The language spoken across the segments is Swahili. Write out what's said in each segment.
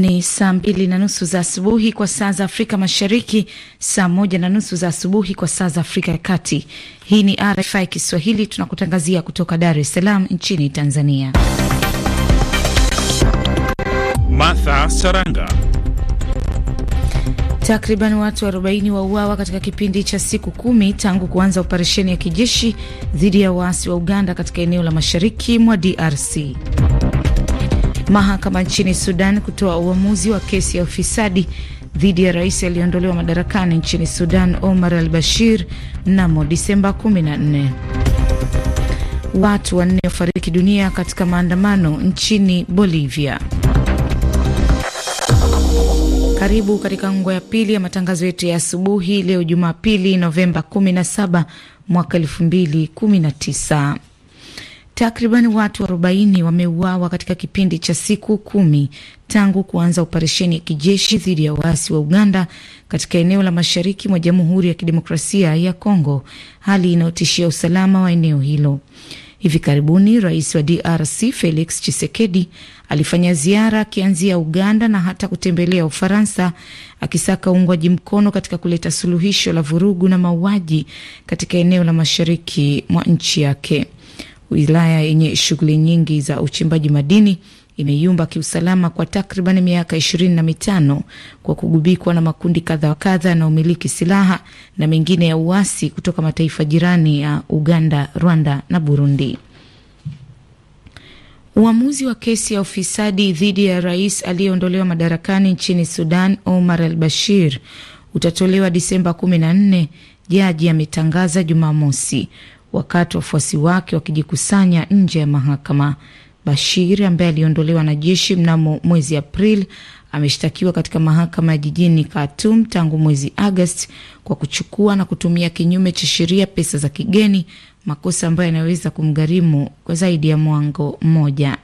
Ni saa mbili na nusu za asubuhi kwa saa za Afrika Mashariki, saa moja na nusu za asubuhi kwa saa za Afrika ya Kati. Hii ni RFI Kiswahili, tunakutangazia kutoka Dar es Salaam nchini Tanzania. Martha Saranga. Takriban watu 40 wauawa katika kipindi cha siku kumi tangu kuanza operesheni ya kijeshi dhidi ya waasi wa Uganda katika eneo la mashariki mwa DRC. Mahakama nchini Sudan kutoa uamuzi wa kesi ya ufisadi dhidi ya rais aliyeondolewa madarakani nchini Sudan Omar al-Bashir mnamo Disemba 14. Watu wanne wafariki dunia katika maandamano nchini Bolivia. Karibu katika ngo ya pili ya matangazo yetu ya asubuhi leo Jumapili Novemba 17 mwaka 2019. Takriban watu 40 wameuawa katika kipindi cha siku kumi tangu kuanza operesheni ya kijeshi dhidi ya waasi wa Uganda katika eneo la mashariki mwa Jamhuri ya Kidemokrasia ya Kongo, hali inayotishia usalama wa eneo hilo. Hivi karibuni rais wa DRC Felix Tshisekedi alifanya ziara akianzia Uganda na hata kutembelea Ufaransa akisaka uungwaji mkono katika kuleta suluhisho la vurugu na mauaji katika eneo la mashariki mwa nchi yake wilaya yenye shughuli nyingi za uchimbaji madini imeyumba kiusalama kwa takriban miaka ishirini na mitano kwa kugubikwa na makundi kadha wa kadha na umiliki silaha na mengine ya uasi kutoka mataifa jirani ya Uganda, Rwanda na Burundi. Uamuzi wa kesi ya ufisadi dhidi ya rais aliyeondolewa madarakani nchini Sudan, Omar al Bashir, utatolewa Disemba 14, jaji ametangaza Jumamosi wakati wafuasi wake wakijikusanya nje ya mahakama. Bashir ambaye aliondolewa na jeshi mnamo mwezi Aprili ameshtakiwa katika mahakama ya jijini Khartoum tangu mwezi Agosti kwa kuchukua na kutumia kinyume cha sheria pesa za kigeni, makosa ambayo yanaweza kumgharimu kwa zaidi ya mwango mmoja.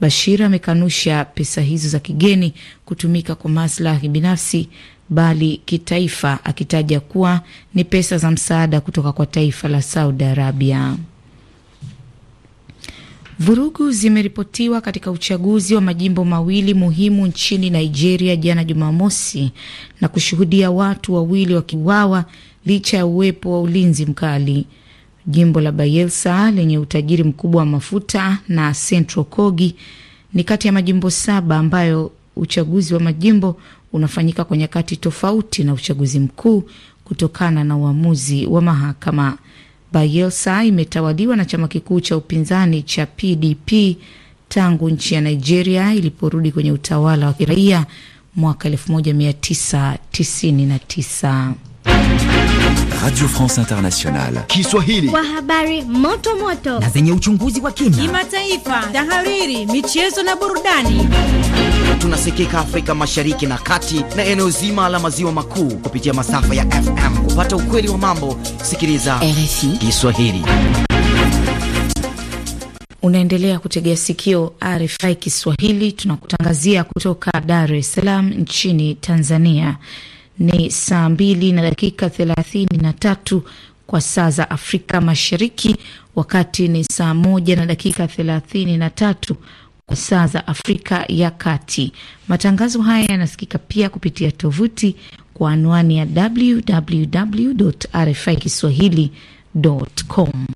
Bashir amekanusha pesa hizo za kigeni kutumika kwa maslahi binafsi bali kitaifa, akitaja kuwa ni pesa za msaada kutoka kwa taifa la Saudi Arabia. Vurugu zimeripotiwa katika uchaguzi wa majimbo mawili muhimu nchini Nigeria jana Jumamosi na kushuhudia watu wawili wakiuawa licha ya uwepo wa ulinzi mkali. Jimbo la Bayelsa lenye utajiri mkubwa wa mafuta na Central Kogi ni kati ya majimbo saba ambayo uchaguzi wa majimbo unafanyika kwa nyakati tofauti na uchaguzi mkuu kutokana na uamuzi wa mahakama. Bayelsa imetawaliwa na chama kikuu cha upinzani cha PDP tangu nchi ya Nigeria iliporudi kwenye utawala wa kiraia mwaka 1999. Radio France Internationale Kiswahili kwa habari moto moto na zenye uchunguzi wa kina, kimataifa, tahariri, michezo na burudani. Tunasikika Afrika Mashariki na Kati na eneo zima la maziwa makuu kupitia masafa ya FM. Kupata ukweli wa mambo, sikiliza RFI Kiswahili. Unaendelea kutegea sikio RFI Kiswahili, tunakutangazia kutoka Dar es Salaam nchini Tanzania ni saa mbili na dakika thelathini na tatu kwa saa za Afrika Mashariki, wakati ni saa moja na dakika thelathini na tatu kwa saa za Afrika ya Kati. Matangazo haya yanasikika pia kupitia tovuti kwa anwani ya kiswahilicom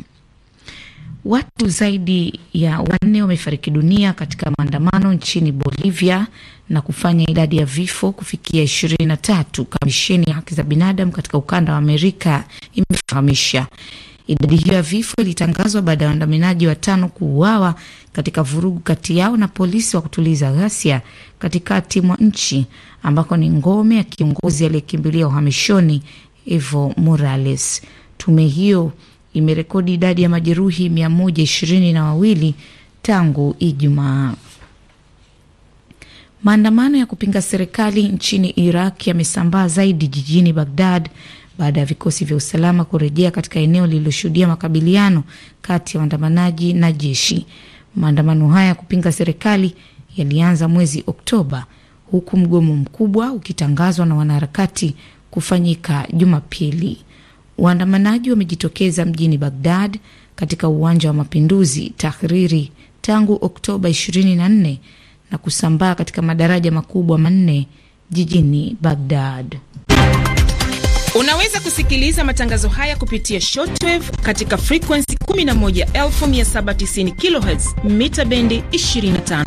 Watu zaidi ya wanne wamefariki dunia katika maandamano nchini Bolivia na kufanya idadi ya vifo kufikia ishirini na tatu. Kamisheni ya haki za binadamu katika ukanda wa Amerika imefahamisha idadi hiyo ya vifo ilitangazwa baada ya waandamanaji watano kuuawa katika vurugu kati yao na polisi wa kutuliza ghasia katikati mwa nchi ambako ni ngome ya kiongozi aliyekimbilia uhamishoni Evo Morales. Tume hiyo imerekodi idadi ya majeruhi mia moja ishirini na wawili tangu Ijumaa. Maandamano ya kupinga serikali nchini Iraq yamesambaa zaidi jijini Bagdad baada ya vikosi vya usalama kurejea katika eneo lililoshuhudia makabiliano kati ya waandamanaji na jeshi. Maandamano haya ya kupinga serikali yalianza mwezi Oktoba, huku mgomo mkubwa ukitangazwa na wanaharakati kufanyika Jumapili. Waandamanaji wamejitokeza mjini Bagdad katika uwanja wa mapinduzi Tahriri tangu Oktoba 24 na kusambaa katika madaraja makubwa manne jijini Bagdad. Unaweza kusikiliza matangazo haya kupitia shortwave katika frekuensi 11790 kHz mita bendi 25.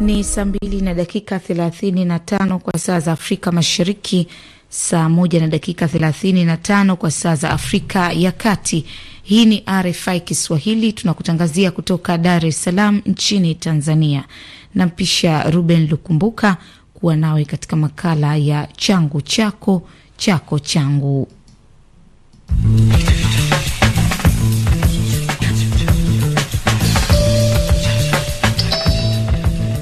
Ni saa 2 na dakika 35 kwa saa za Afrika Mashariki saa moja na dakika 35 kwa saa za Afrika ya Kati. Hii ni RFI Kiswahili, tunakutangazia kutoka Dar es Salaam nchini Tanzania. Nampisha Ruben Lukumbuka kuwa nawe katika makala ya changu chako chako changu.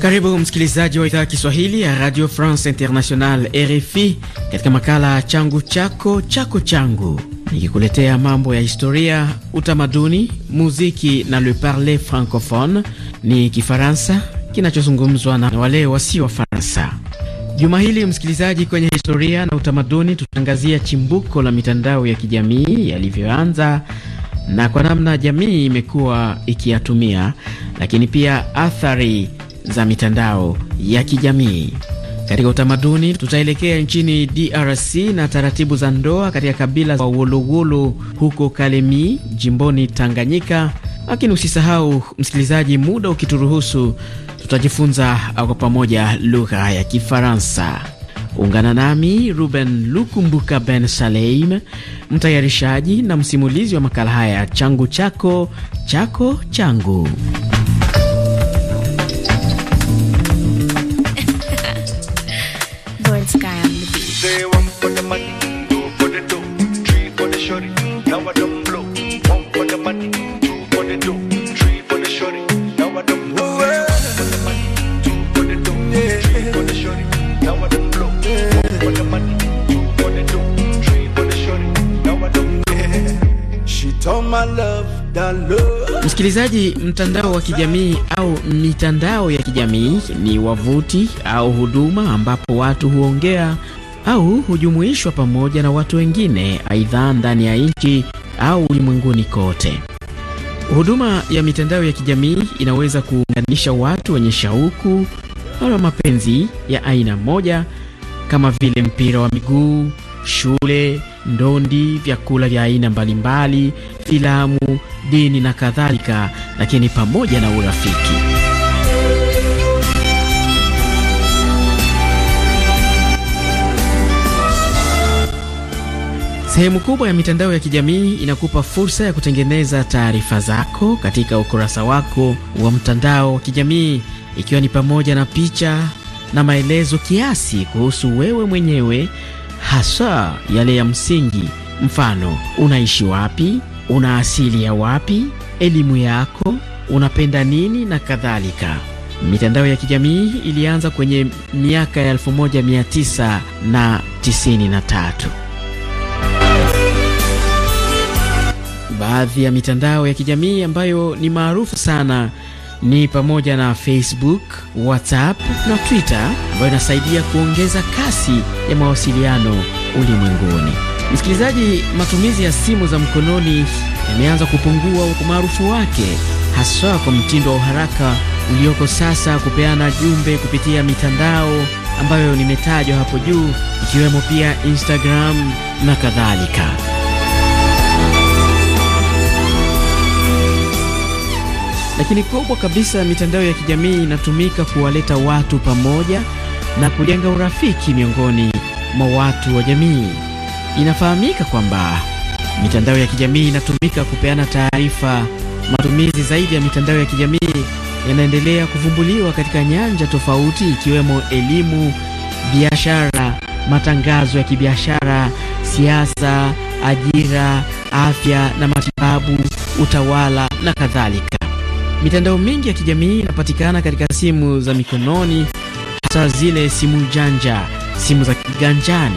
Karibu msikilizaji wa idhaa ya Kiswahili ya Radio France International, RFI, katika makala changu chako chako changu, nikikuletea mambo ya historia, utamaduni, muziki na le parler francophone, ni Kifaransa kinachozungumzwa na wale wasio wa Faransa. Juma hili msikilizaji, kwenye historia na utamaduni, tutaangazia chimbuko la mitandao ya kijamii yalivyoanza na kwa namna jamii imekuwa ikiyatumia, lakini pia athari za mitandao ya kijamii. Katika utamaduni tutaelekea nchini DRC na taratibu za ndoa katika kabila wa wolowolo huko Kalemi jimboni Tanganyika. Lakini usisahau msikilizaji, muda ukituruhusu, tutajifunza kwa pamoja lugha ya Kifaransa. Ungana nami Ruben Lukumbuka Ben Saleim, mtayarishaji na msimulizi wa makala haya, changu chako chako changu. Msikilizaji, mtandao wa kijamii au mitandao ya kijamii ni wavuti au huduma ambapo watu huongea au hujumuishwa pamoja na watu wengine, aidha ndani ya nchi au ulimwenguni kote. Huduma ya mitandao ya kijamii inaweza kuunganisha watu wenye shauku au mapenzi ya aina moja kama vile mpira wa miguu, shule ndondi, vyakula vya aina mbalimbali, filamu, dini na kadhalika, lakini pamoja na urafiki. Sehemu kubwa ya mitandao ya kijamii inakupa fursa ya kutengeneza taarifa zako katika ukurasa wako wa mtandao wa kijamii, ikiwa ni pamoja na picha na maelezo kiasi kuhusu wewe mwenyewe hasa yale ya msingi, mfano unaishi wapi, una asili ya wapi, elimu yako, unapenda nini na kadhalika. Mitandao ya kijamii ilianza kwenye miaka ya 1993. Baadhi ya mitandao ya kijamii ambayo ni maarufu sana ni pamoja na Facebook, WhatsApp na Twitter ambayo inasaidia kuongeza kasi ya mawasiliano ulimwenguni. Msikilizaji, matumizi ya simu za mkononi yameanza kupungua umaarufu wake, haswa kwa mtindo wa uharaka ulioko sasa, kupeana jumbe kupitia mitandao ambayo nimetajwa hapo juu, ikiwemo pia Instagram na kadhalika. lakini kubwa kabisa, mitandao ya kijamii inatumika kuwaleta watu pamoja na kujenga urafiki miongoni mwa watu wa jamii. Inafahamika kwamba mitandao ya kijamii inatumika kupeana taarifa. Matumizi zaidi ya mitandao ya kijamii yanaendelea kuvumbuliwa katika nyanja tofauti, ikiwemo elimu, biashara, matangazo ya kibiashara, siasa, ajira, afya na matibabu, utawala na kadhalika. Mitandao mingi ya kijamii inapatikana katika simu za mikononi, hasa zile simu janja, simu za kiganjani,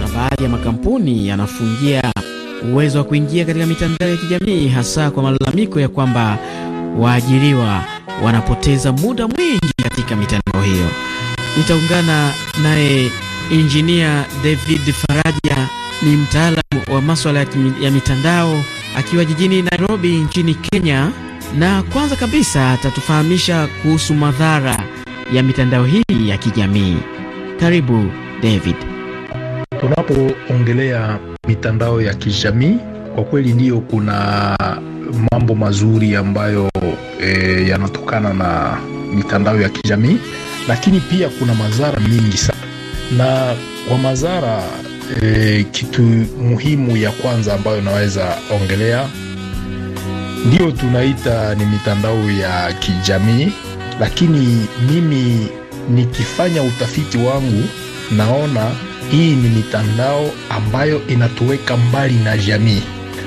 na baadhi ya makampuni yanafungia uwezo wa kuingia katika mitandao ya kijamii, hasa kwa malalamiko ya kwamba waajiriwa wanapoteza muda mwingi katika mitandao hiyo. Nitaungana naye Injinia David Faraja, ni mtaalamu wa maswala ya mitandao akiwa jijini Nairobi nchini Kenya, na kwanza kabisa atatufahamisha kuhusu madhara ya mitandao hii ya kijamii. Karibu David. Tunapoongelea mitandao ya kijamii kwa kweli, ndiyo kuna mambo mazuri ambayo e, yanatokana na mitandao ya kijamii, lakini pia kuna madhara mingi sana, na kwa madhara e, kitu muhimu ya kwanza ambayo naweza ongelea ndiyo tunaita ni mitandao ya kijamii, lakini mimi nikifanya utafiti wangu naona hii ni mitandao ambayo inatuweka mbali na jamii.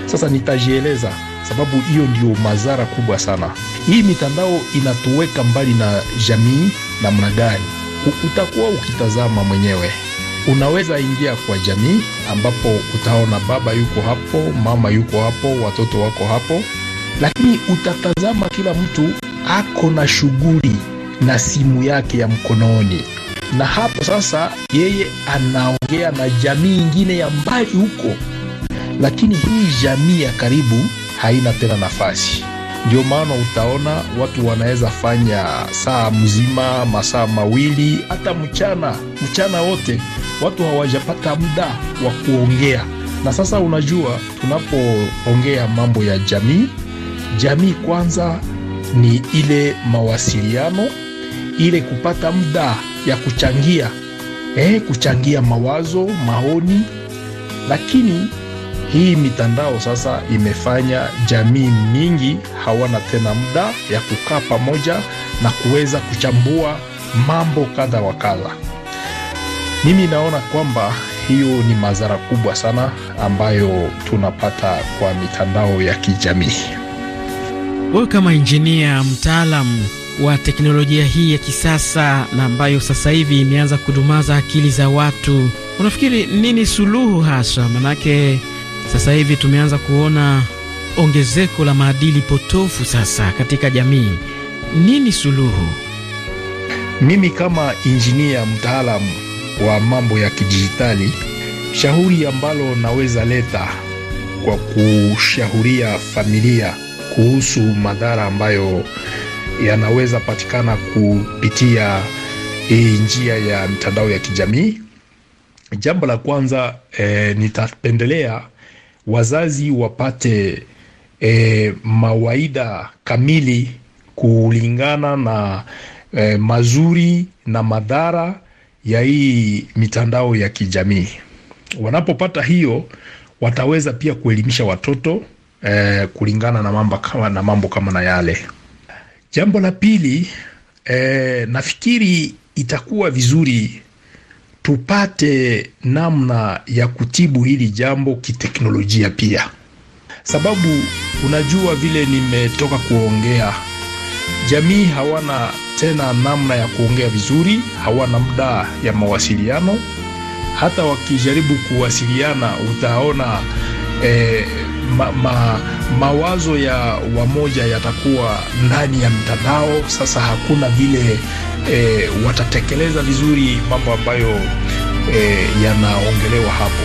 Sasa nitajieleza sababu hiyo ndio madhara kubwa sana. Hii mitandao inatuweka mbali na jamii namna gani? Utakuwa ukitazama mwenyewe Unaweza ingia kwa jamii ambapo utaona baba yuko hapo, mama yuko hapo, watoto wako hapo, lakini utatazama kila mtu ako na shughuli na simu yake ya mkononi, na hapo sasa yeye anaongea na jamii ingine ya mbali huko, lakini hii jamii ya karibu haina tena nafasi. Ndio maana utaona watu wanaweza fanya saa mzima, masaa mawili, hata mchana mchana wote, watu hawajapata muda wa kuongea. Na sasa unajua, tunapoongea mambo ya jamii, jamii kwanza ni ile mawasiliano, ile kupata muda ya kuchangia eh, kuchangia mawazo, maoni, lakini hii mitandao sasa imefanya jamii nyingi hawana tena muda ya kukaa pamoja na kuweza kuchambua mambo kadha wa kadha. Mimi naona kwamba hiyo ni madhara kubwa sana ambayo tunapata kwa mitandao ya kijamii. Wewe kama injinia mtaalam wa teknolojia hii ya kisasa na ambayo sasa hivi imeanza kudumaza akili za watu, unafikiri nini suluhu haswa? Manake sasa hivi tumeanza kuona ongezeko la maadili potofu sasa katika jamii. Nini suluhu? Mimi kama injinia mtaalamu wa mambo ya kidijitali, shauri ambalo naweza leta kwa kushauria familia kuhusu madhara ambayo yanaweza patikana kupitia hii njia ya mitandao ya kijamii. Jambo la kwanza eh, nitapendelea wazazi wapate e, mawaida kamili kulingana na e, mazuri na madhara ya hii mitandao ya kijamii. Wanapopata hiyo, wataweza pia kuelimisha watoto e, kulingana na mambo kama na mambo kama na yale. Jambo la pili, e, nafikiri itakuwa vizuri tupate namna ya kutibu hili jambo kiteknolojia pia, sababu unajua vile nimetoka kuongea, jamii hawana tena namna ya kuongea vizuri, hawana muda ya mawasiliano. Hata wakijaribu kuwasiliana utaona eh, ma, ma, mawazo ya wamoja yatakuwa ndani ya mtandao. Sasa hakuna vile e, watatekeleza vizuri mambo ambayo e, yanaongelewa hapo.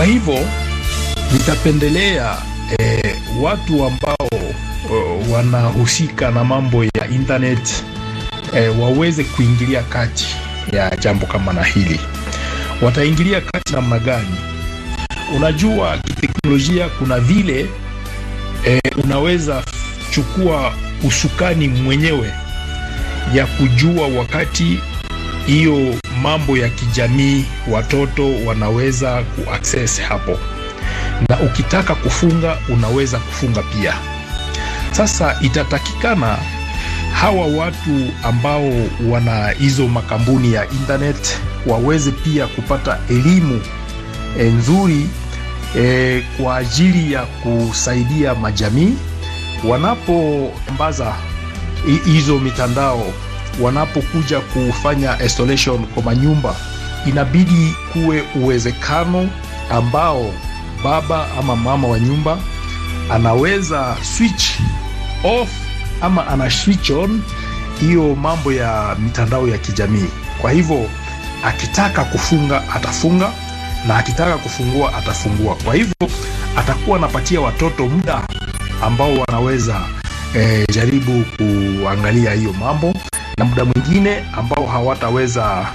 Kwa hivyo nitapendelea eh, watu ambao uh, wanahusika na mambo ya internet eh, waweze kuingilia kati ya jambo kama na hili. Wataingilia kati namna gani? Unajua, kiteknolojia kuna vile eh, unaweza chukua usukani mwenyewe ya kujua wakati hiyo mambo ya kijamii watoto wanaweza kuaccess hapo, na ukitaka kufunga unaweza kufunga pia. Sasa itatakikana hawa watu ambao wana hizo makampuni ya internet waweze pia kupata elimu e, nzuri e, kwa ajili ya kusaidia majamii wanaposambaza hizo mitandao wanapokuja kufanya installation kwa manyumba, inabidi kuwe uwezekano ambao baba ama mama wa nyumba anaweza switch off ama ana switch on hiyo mambo ya mitandao ya kijamii. Kwa hivyo akitaka kufunga atafunga na akitaka kufungua atafungua. Kwa hivyo atakuwa anapatia watoto muda ambao wanaweza eh, jaribu kuangalia hiyo mambo na muda mwingine ambao hawataweza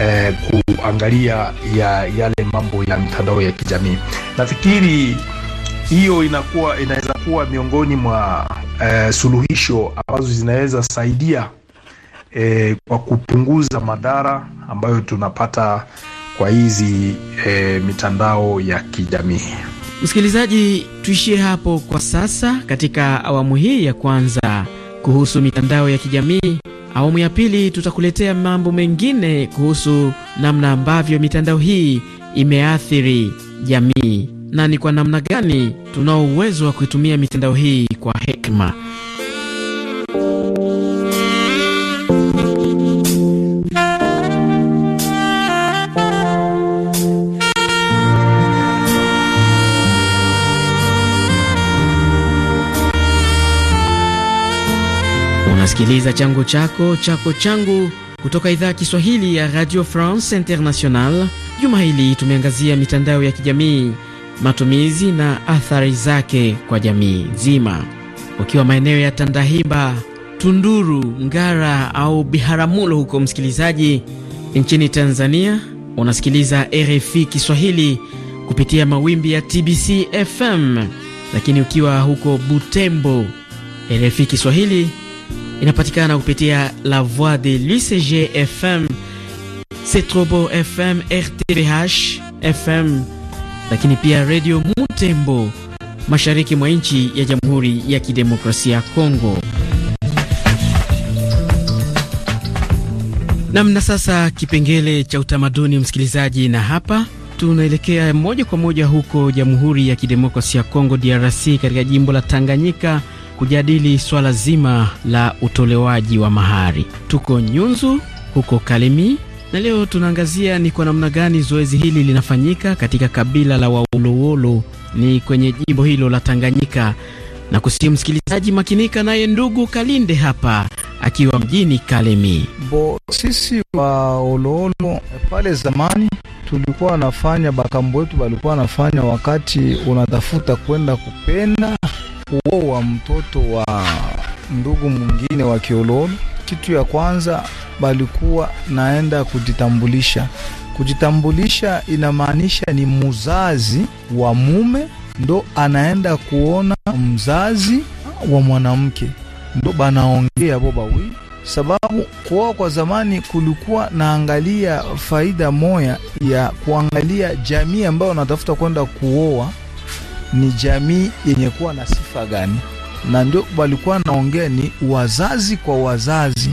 eh, kuangalia ya yale mambo ya mitandao ya kijamii. Nafikiri hiyo inakuwa inaweza kuwa miongoni mwa eh, suluhisho ambazo zinaweza saidia eh, kwa kupunguza madhara ambayo tunapata kwa hizi eh, mitandao ya kijamii. Msikilizaji, tuishie hapo kwa sasa katika awamu hii ya kwanza kuhusu mitandao ya kijamii. Awamu ya pili tutakuletea mambo mengine kuhusu namna ambavyo mitandao hii imeathiri jamii na ni kwa namna gani tunao uwezo wa kuitumia mitandao hii kwa hekima. Sikiliza changu chako chako changu kutoka idhaa ya Kiswahili ya Radio France International. Juma hili tumeangazia mitandao ya kijamii, matumizi na athari zake kwa jamii nzima. Ukiwa maeneo ya Tandahimba, Tunduru, Ngara au Biharamulo huko msikilizaji nchini Tanzania, unasikiliza RFI Kiswahili kupitia mawimbi ya TBC FM, lakini ukiwa huko Butembo, RFI Kiswahili inapatikana kupitia La Voix de l'UCG FM, beau FM, RTBH FM, lakini pia Radio Mutembo mashariki mwa nchi ya Jamhuri ya Kidemokrasia ya Kongo. Namna sasa kipengele cha utamaduni, msikilizaji, na hapa tunaelekea moja kwa moja huko Jamhuri ya Kidemokrasia ya Kongo DRC, katika jimbo la Tanganyika kujadili swala zima la utolewaji wa mahari. Tuko Nyunzu huko Kalemi, na leo tunaangazia ni kwa namna gani zoezi hili linafanyika katika kabila la Waolowolo, ni kwenye jimbo hilo la Tanganyika. Na kusihi msikilizaji makinika, naye ndugu Kalinde hapa akiwa mjini Kalemi. Bo, sisi Waolowolo pale zamani tulikuwa wanafanya bakambo wetu walikuwa wanafanya wakati unatafuta kwenda kupenda kuoa mtoto wa ndugu mwingine wa kiololo, kitu ya kwanza balikuwa naenda kujitambulisha. Kujitambulisha inamaanisha ni mzazi wa mume ndo anaenda kuona mzazi wa mwanamke, ndo banaongea bo bawili, sababu kuoa kwa zamani kulikuwa naangalia faida moya ya kuangalia jamii ambayo wanatafuta kwenda kuoa ni jamii yenye kuwa na sifa gani, na ndio walikuwa naongea ni wazazi kwa wazazi,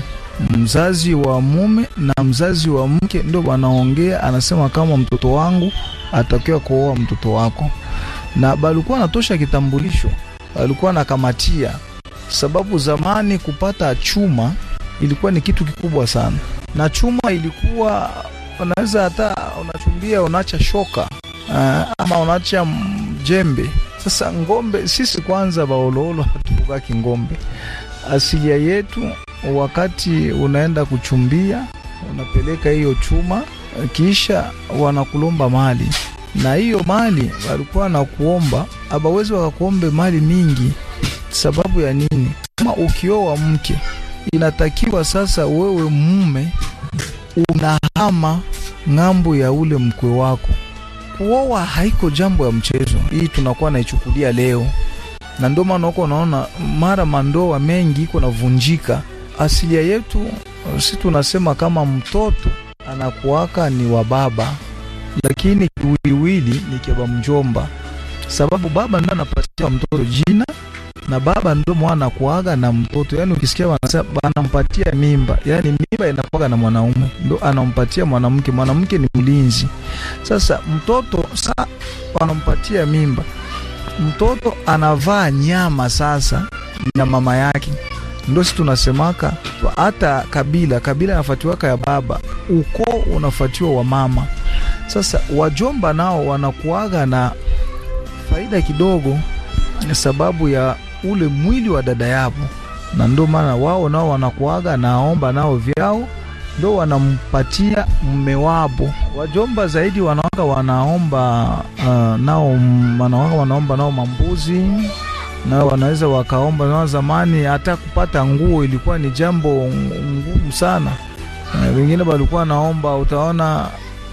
mzazi wa mume na mzazi wa mke, ndio wanaongea. Anasema kama mtoto wangu atakiwa kuoa mtoto wako, na balikuwa natosha kitambulisho, balikuwa nakamatia, sababu zamani kupata chuma ilikuwa ni kitu kikubwa sana, na chuma ilikuwa unaweza hata unachumbia unaacha shoka, uh, ama unaacha jembe. Sasa ngombe, sisi kwanza baololo hatupugaki ngombe. Asilia yetu, wakati unaenda kuchumbia, unapeleka hiyo chuma, kisha wanakulomba mali, na hiyo mali walikuwa na kuomba, abawezi wakakuombe mali mingi. Sababu ya nini? Kama ukioa mke, inatakiwa sasa wewe mume unahama ng'ambo ya ule mkwe wako kuoa haiko jambo ya mchezo, hii tunakuwa naichukulia leo, na ndio maana huko unaona mara mandoa mengi iko navunjika. Asilia yetu si tunasema kama mtoto anakuaka ni wa baba, lakini kiwiliwili ni kiaba mjomba, sababu baba ndo anapatia mtoto jina na baba ndio mwana kuaga na mtoto. Yani ukisikia wanasema anampatia mimba, yani mimba inakuaga na mwanaume ndio anampatia mwanamke. Mwanamke ni mlinzi. Sasa mtoto sa wanampatia mimba, mtoto anavaa nyama sasa na mama yake ndio si tunasemaka hata kabila kabila inafuatiwaka ya baba, ukoo unafuatiwa wa mama. Sasa wajomba nao wanakuaga na faida kidogo, sababu ya ule mwili wa dada yapo, na ndio maana wao nao wanakuaga naomba nao vyao ndo wanampatia mme wapo. Wajomba zaidi wanawaka wanaomba uh, nao wanawaka wanaomba nao mambuzi na wanaweza wakaomba na Zamani hata kupata nguo ilikuwa ni jambo ngumu sana. wengine walikuwa naomba, utaona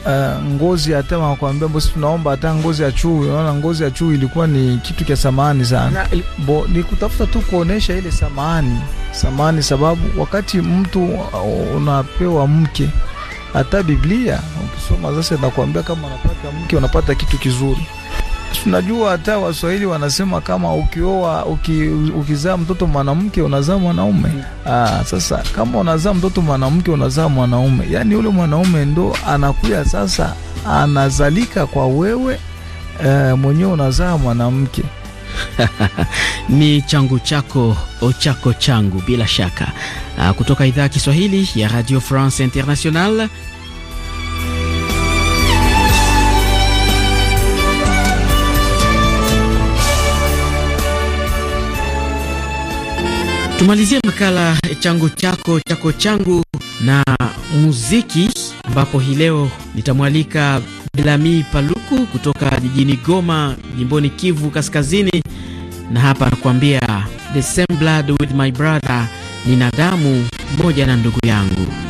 uh, ngozi ya tema wakwambia bosi, tunaomba hata ngozi ya chui. Unaona, ngozi ya chui ilikuwa ni kitu cha samani sana, bo ni kutafuta tu kuonesha ile samani samani, sababu wakati mtu uh, unapewa mke, hata Biblia ukisoma sasa inakwambia kama unapata mke unapata kitu kizuri. Tunajua hata Waswahili wanasema kama ukioa uki, ukizaa mtoto mwanamke unazaa mwanaume. Ah, sasa kama unazaa mtoto mwanamke unazaa mwanaume, yaani yule mwanaume ndo anakuya sasa anazalika kwa wewe eh, mwenyewe unazaa mwanamke. Ni changu chako ochako changu, bila shaka. Ah, kutoka idhaa ya Kiswahili ya Radio France International Tumalizie makala eh, changu chako chako changu na muziki, ambapo hii leo nitamwalika Bilami Paluku kutoka jijini Goma, jimboni Kivu Kaskazini, na hapa anakuambia the same blood with my brother, ni damu moja na ndugu yangu.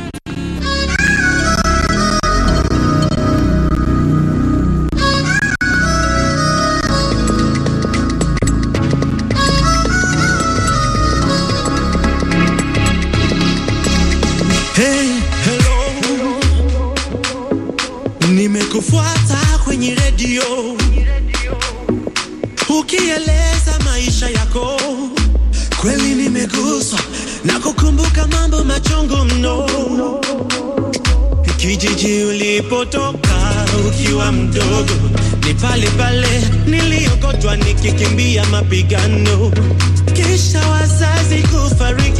nikiwa mdogo ni pale pale niliokotwa nikikimbia mapigano, kisha wazazi kufariki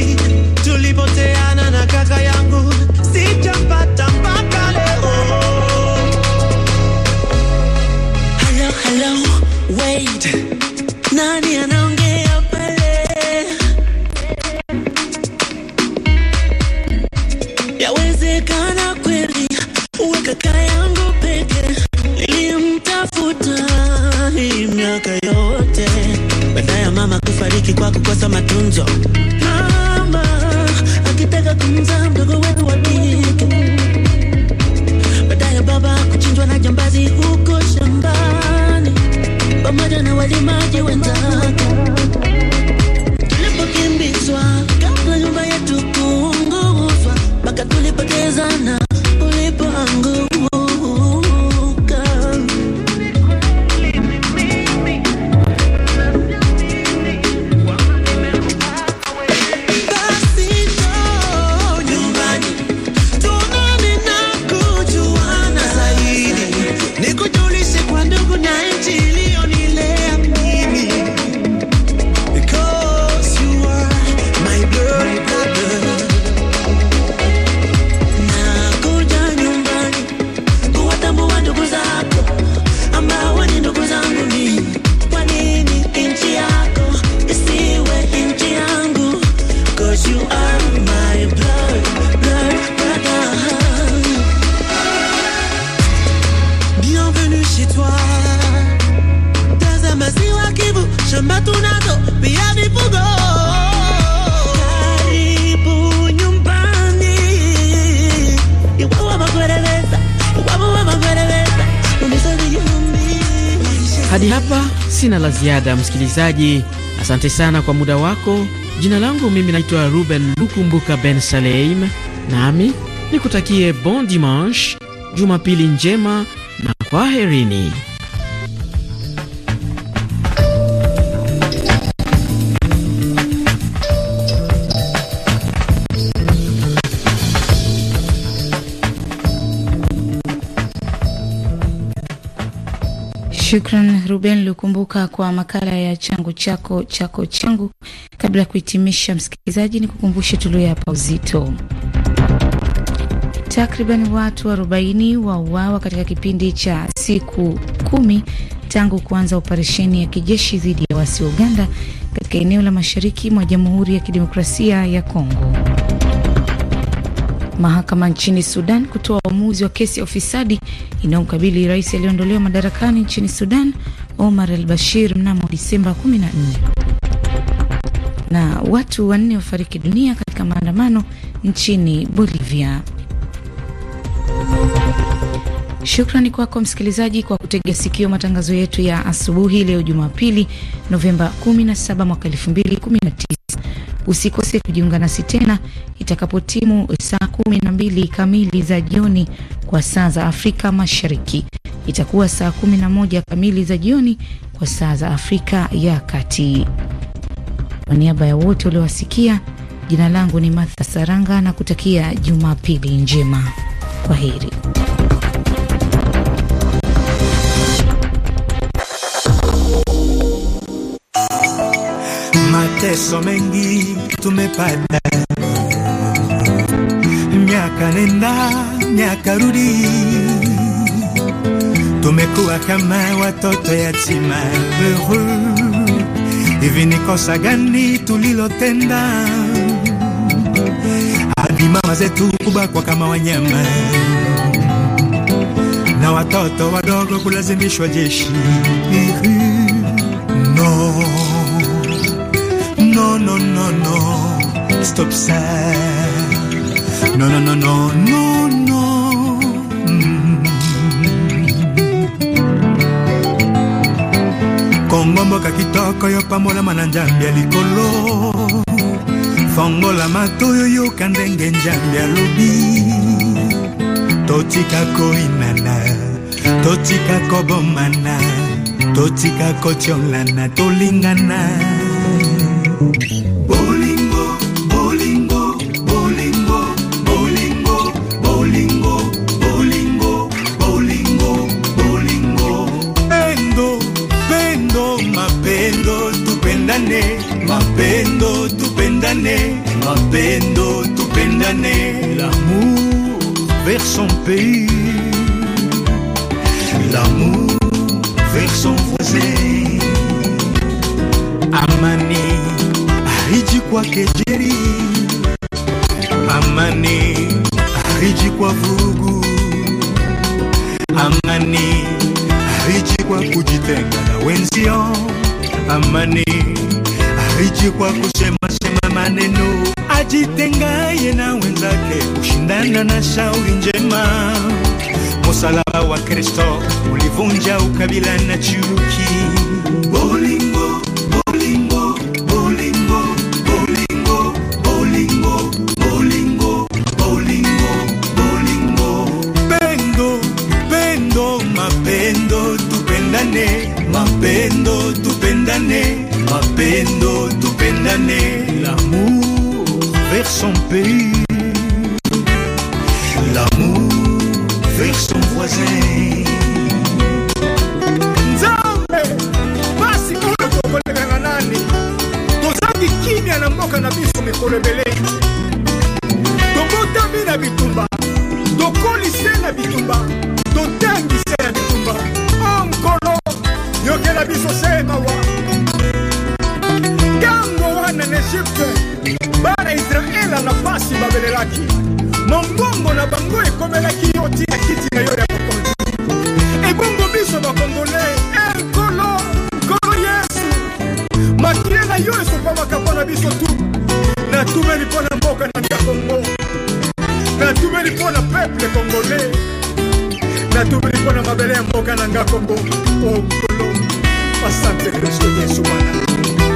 Hadi hapa sina la ziada, msikilizaji. Asante sana kwa muda wako. Jina langu mimi naitwa Ruben Lukumbuka Ben Saleim, nami nikutakie bon dimanche, Jumapili njema na kwaherini. Shukran Ruben Lukumbuka kwa makala ya changu chako chako changu. Kabla ya kuhitimisha, msikilizaji, ni kukumbushe tulioyapa uzito. Takriban watu 40 wauawa katika kipindi cha siku kumi tangu kuanza operesheni ya kijeshi dhidi ya wasi wa Uganda katika eneo la mashariki mwa Jamhuri ya Kidemokrasia ya Kongo. Mahakama nchini Sudan kutoa uamuzi wa kesi ya ufisadi inayomkabili rais aliyeondolewa madarakani nchini Sudan Omar al Bashir mnamo Disemba 14. Na watu wanne wafariki dunia katika maandamano nchini Bolivia. Shukrani kwako msikilizaji kwa kutegea sikio matangazo yetu ya asubuhi leo Jumapili Novemba 17 mwaka 2019. Usikose kujiunga nasi tena itakapotimu saa kumi na mbili kamili za jioni kwa saa za Afrika Mashariki. Itakuwa saa kumi na moja kamili za jioni kwa saa za Afrika ya Kati. Kwa niaba ya wote waliowasikia, jina langu ni Martha Saranga na kutakia Jumapili njema. Kwa heri. mateso mengi tumepata, miaka nenda miaka rudi, tumekuwa kama watoto yatima. Hivi ni kosa gani tulilotenda hadi mama zetu kubakwa kama wanyama na watoto wadogo kulazimishwa jeshi? t'obsède. Non, non, non, non, non, non. kongo mm. mboka kitoko yo pambolama na ya likolo fongola matoyo yoka ndenge njambi alobi totika koinana totika kobomana totika kotiolana tolingana vers son pays, l'amour vers son voisin. Amani ahiji kwa kejeri, amani ahiji kwa vugu, amani ahiji kwa kujitenga na wenzio, amani ahiji kwa kus cha ukabila na chuki omelaki yo tina kiti na yo ya mokonzi ebongo biso bakongole ekolo eh, nkolo yesu makila na yo esopamaka mpo na biso tu natumeli mpo na mboka na nga kongo natumeli mpo na peple kongole natumeli mpo na mabele ya mboka na nga kongo okolo oh, asante kristo yesu wana